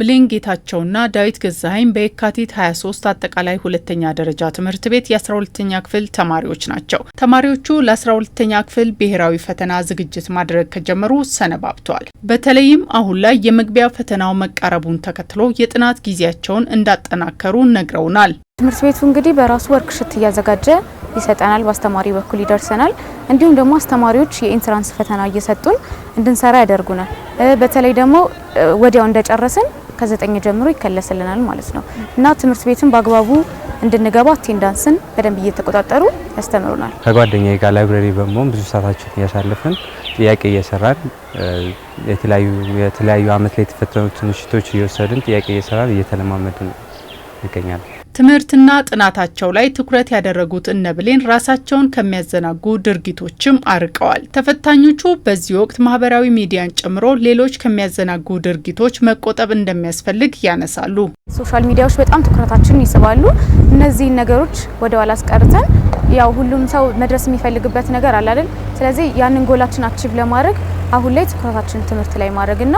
ብሌን ጌታቸውና ዳዊት ገዛሀኝ በየካቲት 23 አጠቃላይ ሁለተኛ ደረጃ ትምህርት ቤት የ12ተኛ ክፍል ተማሪዎች ናቸው። ተማሪዎቹ ለ12ተኛ ክፍል ብሔራዊ ፈተና ዝግጅት ማድረግ ከጀመሩ ሰነባብተዋል። በተለይም አሁን ላይ የመግቢያ ፈተናው መቃረቡን ተከትሎ የጥናት ጊዜያቸውን እንዳጠናከሩ ነግረውናል። ትምህርት ቤቱ እንግዲህ በራሱ ወርክሽት እያዘጋጀ ይሰጠናል። በአስተማሪ በኩል ይደርሰናል። እንዲሁም ደግሞ አስተማሪዎች የኢንትራንስ ፈተና እየሰጡን እንድንሰራ ያደርጉናል። በተለይ ደግሞ ወዲያው እንደጨረስን ከዘጠኝ ጀምሮ ይከለስልናል ማለት ነው እና ትምህርት ቤትን በአግባቡ እንድንገባ አቴንዳንስን በደንብ እየተቆጣጠሩ ያስተምሩናል። ከጓደኛ ጋር ላይብረሪ በመሆን ብዙ ሰዓታችን እያሳለፍን ጥያቄ እየሰራን የተለያዩ አመት ላይ የተፈተኑትን ሽቶች እየወሰድን ጥያቄ እየሰራን እየተለማመድን ይገኛል። ትምህርትና ጥናታቸው ላይ ትኩረት ያደረጉት እነ ብሌን ራሳቸውን ከሚያዘናጉ ድርጊቶችም አርቀዋል። ተፈታኞቹ በዚህ ወቅት ማህበራዊ ሚዲያን ጨምሮ ሌሎች ከሚያዘናጉ ድርጊቶች መቆጠብ እንደሚያስፈልግ ያነሳሉ። ሶሻል ሚዲያዎች በጣም ትኩረታችንን ይስባሉ። እነዚህን ነገሮች ወደ ኋላ አስቀርተን ያው ሁሉም ሰው መድረስ የሚፈልግበት ነገር አለ አይደል? ስለዚህ ያንን ጎላችን አቺቭ ለማድረግ አሁን ላይ ትኩረታችን ትምህርት ላይ ማድረግና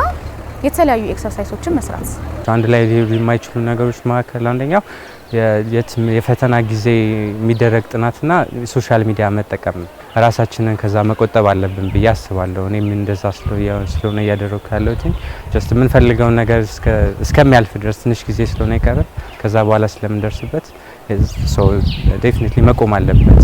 የተለያዩ ኤክሰርሳይሶችን መስራት አንድ ላይ የማይችሉ ነገሮች መካከል አንደኛው የፈተና ጊዜ የሚደረግ ጥናትና ሶሻል ሚዲያ መጠቀም ራሳችንን ከዛ መቆጠብ አለብን ብዬ አስባለሁ። እኔም እንደዛ ስለሆነ እያደረግኩ ያለሁት ጀስት የምንፈልገውን ነገር እስከሚያልፍ ድረስ ትንሽ ጊዜ ስለሆነ ይቀረ ከዛ በኋላ ስለምንደርስበት ሰው ዴፊኒትሊ መቆም አለበት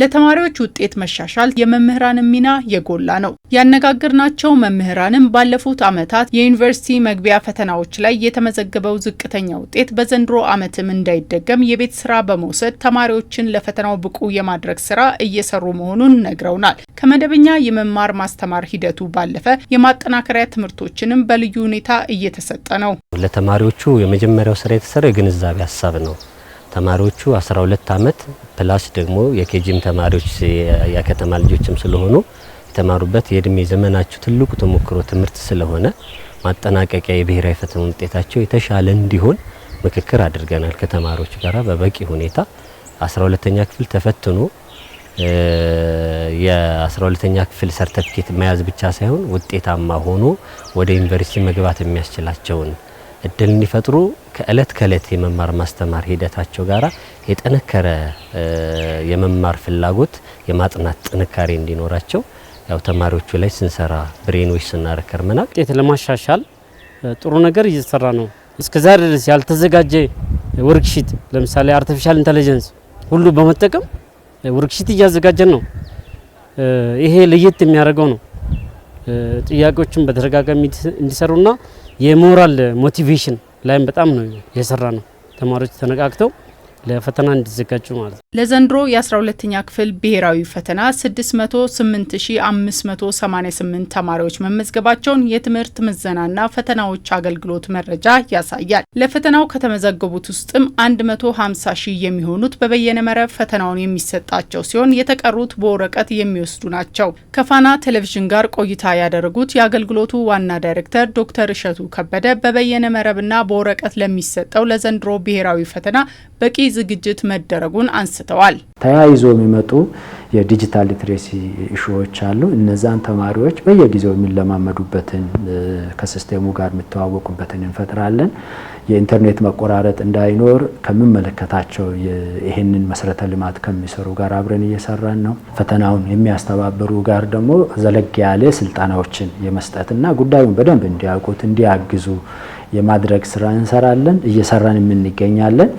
ለተማሪዎች ውጤት መሻሻል የመምህራን ሚና የጎላ ነው። ያነጋገርናቸው መምህራንም ባለፉት ዓመታት የዩኒቨርሲቲ መግቢያ ፈተናዎች ላይ የተመዘገበው ዝቅተኛ ውጤት በዘንድሮ ዓመትም እንዳይደገም የቤት ስራ በመውሰድ ተማሪዎችን ለፈተናው ብቁ የማድረግ ስራ እየሰሩ መሆኑን ነግረውናል። ከመደበኛ የመማር ማስተማር ሂደቱ ባለፈ የማጠናከሪያ ትምህርቶችንም በልዩ ሁኔታ እየተሰጠ ነው። ለተማሪዎቹ የመጀመሪያው ስራ የተሰራው የግንዛቤ ሀሳብ ነው። ተማሪዎቹ 12 ዓመት ፕላስ ደግሞ የኬጂም ተማሪዎች የከተማ ልጆችም ስለሆኑ የተማሩበት የእድሜ ዘመናቸው ትልቁ ተሞክሮ ትምህርት ስለሆነ ማጠናቀቂያ የብሔራዊ ፈተና ውጤታቸው የተሻለ እንዲሆን ምክክር አድርገናል ከተማሪዎች ጋር በበቂ ሁኔታ 12 ኛ ክፍል ተፈትኖ የ12ተኛ ክፍል ሰርተፍኬት መያዝ ብቻ ሳይሆን ውጤታማ ሆኖ ወደ ዩኒቨርሲቲ መግባት የሚያስችላቸውን እድል እንዲፈጥሩ ከእለት ከእለት የመማር ማስተማር ሂደታቸው ጋር የጠነከረ የመማር ፍላጎት የማጥናት ጥንካሬ እንዲኖራቸው ያው ተማሪዎቹ ላይ ስንሰራ ብሬኖች ስናረከር ምናል ውጤት ለማሻሻል ጥሩ ነገር እየተሰራ ነው። እስከዛሬ ድረስ ያልተዘጋጀ ወርክሺት ለምሳሌ አርቲፊሻል ኢንተለጀንስ ሁሉ በመጠቀም ወርክሺት እያዘጋጀን ነው። ይሄ ለየት የሚያደርገው ነው። ጥያቄዎችን በተደጋጋሚ እንዲሰሩና የሞራል ሞቲቬሽን ላይም በጣም ነው የሰራ ነው። ተማሪዎች ተነቃቅተው ለፈተና እንዲዘጋጁ ማለት ነው። ለዘንድሮ የ12ኛ ክፍል ብሔራዊ ፈተና 608588 ተማሪዎች መመዝገባቸውን የትምህርት ምዘናና ፈተናዎች አገልግሎት መረጃ ያሳያል። ለፈተናው ከተመዘገቡት ውስጥም 150 ሺህ የሚሆኑት በበየነ መረብ ፈተናውን የሚሰጣቸው ሲሆን የተቀሩት በወረቀት የሚወስዱ ናቸው። ከፋና ቴሌቪዥን ጋር ቆይታ ያደረጉት የአገልግሎቱ ዋና ዳይሬክተር ዶክተር እሸቱ ከበደ በበየነ መረብና በወረቀት ለሚሰጠው ለዘንድሮ ብሔራዊ ፈተና በቂ ዝግጅት መደረጉን አንስተዋል። ተያይዞ የሚመጡ የዲጂታል ሊትሬሲ እሾዎች አሉ። እነዛን ተማሪዎች በየጊዜው የሚለማመዱበትን ከሲስቴሙ ጋር የሚተዋወቁበትን እንፈጥራለን። የኢንተርኔት መቆራረጥ እንዳይኖር ከምመለከታቸው ይህንን መሰረተ ልማት ከሚሰሩ ጋር አብረን እየሰራን ነው። ፈተናውን የሚያስተባብሩ ጋር ደግሞ ዘለግ ያለ ስልጠናዎችን የመስጠትና ጉዳዩን በደንብ እንዲያውቁት እንዲያግዙ የማድረግ ስራ እንሰራለን፣ እየሰራን የምንገኛለን።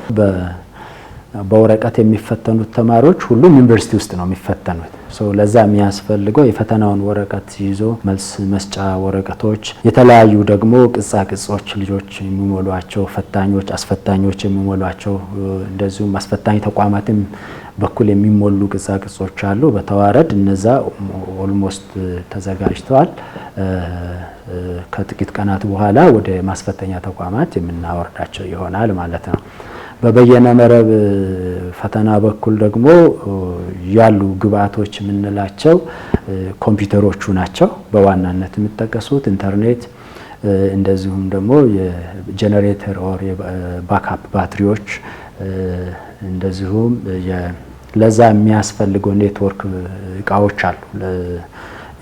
በወረቀት የሚፈተኑት ተማሪዎች ሁሉም ዩኒቨርሲቲ ውስጥ ነው የሚፈተኑት። ለዛ የሚያስፈልገው የፈተናውን ወረቀት ይዞ መልስ መስጫ ወረቀቶች፣ የተለያዩ ደግሞ ቅጻ ቅጾች ልጆች የሚሞሏቸው ፈታኞች፣ አስፈታኞች የሚሞሏቸው እንደዚሁም አስፈታኝ ተቋማትም በኩል የሚሞሉ ቅጻቅጾች አሉ። በተዋረድ እነዛ ኦልሞስት ተዘጋጅተዋል። ከጥቂት ቀናት በኋላ ወደ ማስፈተኛ ተቋማት የምናወርዳቸው ይሆናል ማለት ነው። በበየነ መረብ ፈተና በኩል ደግሞ ያሉ ግብአቶች የምንላቸው ኮምፒውተሮቹ ናቸው በዋናነት የሚጠቀሱት ኢንተርኔት እንደዚሁም ደግሞ የጀነሬተር ኦር የባካፕ ባትሪዎች እንደዚሁም ለዛ የሚያስፈልገው ኔትወርክ እቃዎች አሉ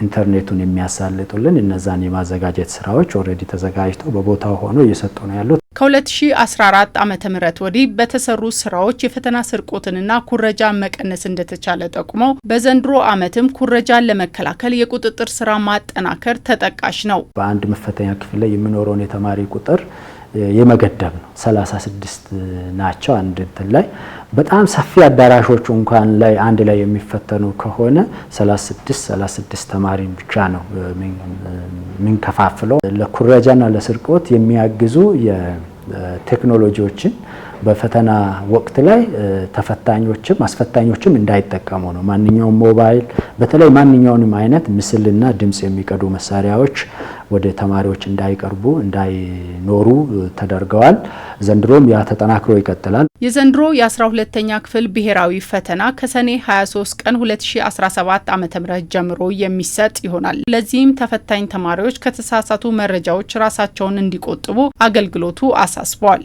ኢንተርኔቱን የሚያሳልጡልን እነዛን የማዘጋጀት ስራዎች ኦልሬዲ ተዘጋጅተው በቦታው ሆኖ እየሰጡ ነው ያሉት። ከ2014 ዓ ም ወዲህ በተሰሩ ስራዎች የፈተና ስርቆትንና ኩረጃን መቀነስ እንደተቻለ ጠቁመው በዘንድሮ ዓመትም ኩረጃን ለመከላከል የቁጥጥር ስራ ማጠናከር ተጠቃሽ ነው። በአንድ መፈተኛ ክፍል ላይ የሚኖረውን የተማሪ ቁጥር የመገደብ ነው። 36 ናቸው አንድ እንትን ላይ በጣም ሰፊ አዳራሾቹ እንኳን ላይ አንድ ላይ የሚፈተኑ ከሆነ 36 36 ተማሪን ብቻ ነው የምንከፋፍለው። ለኩረጃና ለስርቆት የሚያግዙ ቴክኖሎጂዎችን በፈተና ወቅት ላይ ተፈታኞችም አስፈታኞችም እንዳይጠቀሙ ነው። ማንኛውም ሞባይል፣ በተለይ ማንኛውንም አይነት ምስልና ድምፅ የሚቀዱ መሳሪያዎች ወደ ተማሪዎች እንዳይቀርቡ እንዳይኖሩ ተደርገዋል። ዘንድሮም ያ ተጠናክሮ ይቀጥላል። የዘንድሮ የ12ተኛ ክፍል ብሔራዊ ፈተና ከሰኔ 23 ቀን 2017 ዓ ም ጀምሮ የሚሰጥ ይሆናል። ለዚህም ተፈታኝ ተማሪዎች ከተሳሳቱ መረጃዎች ራሳቸውን እንዲቆጥቡ አገልግሎቱ አሳስቧል።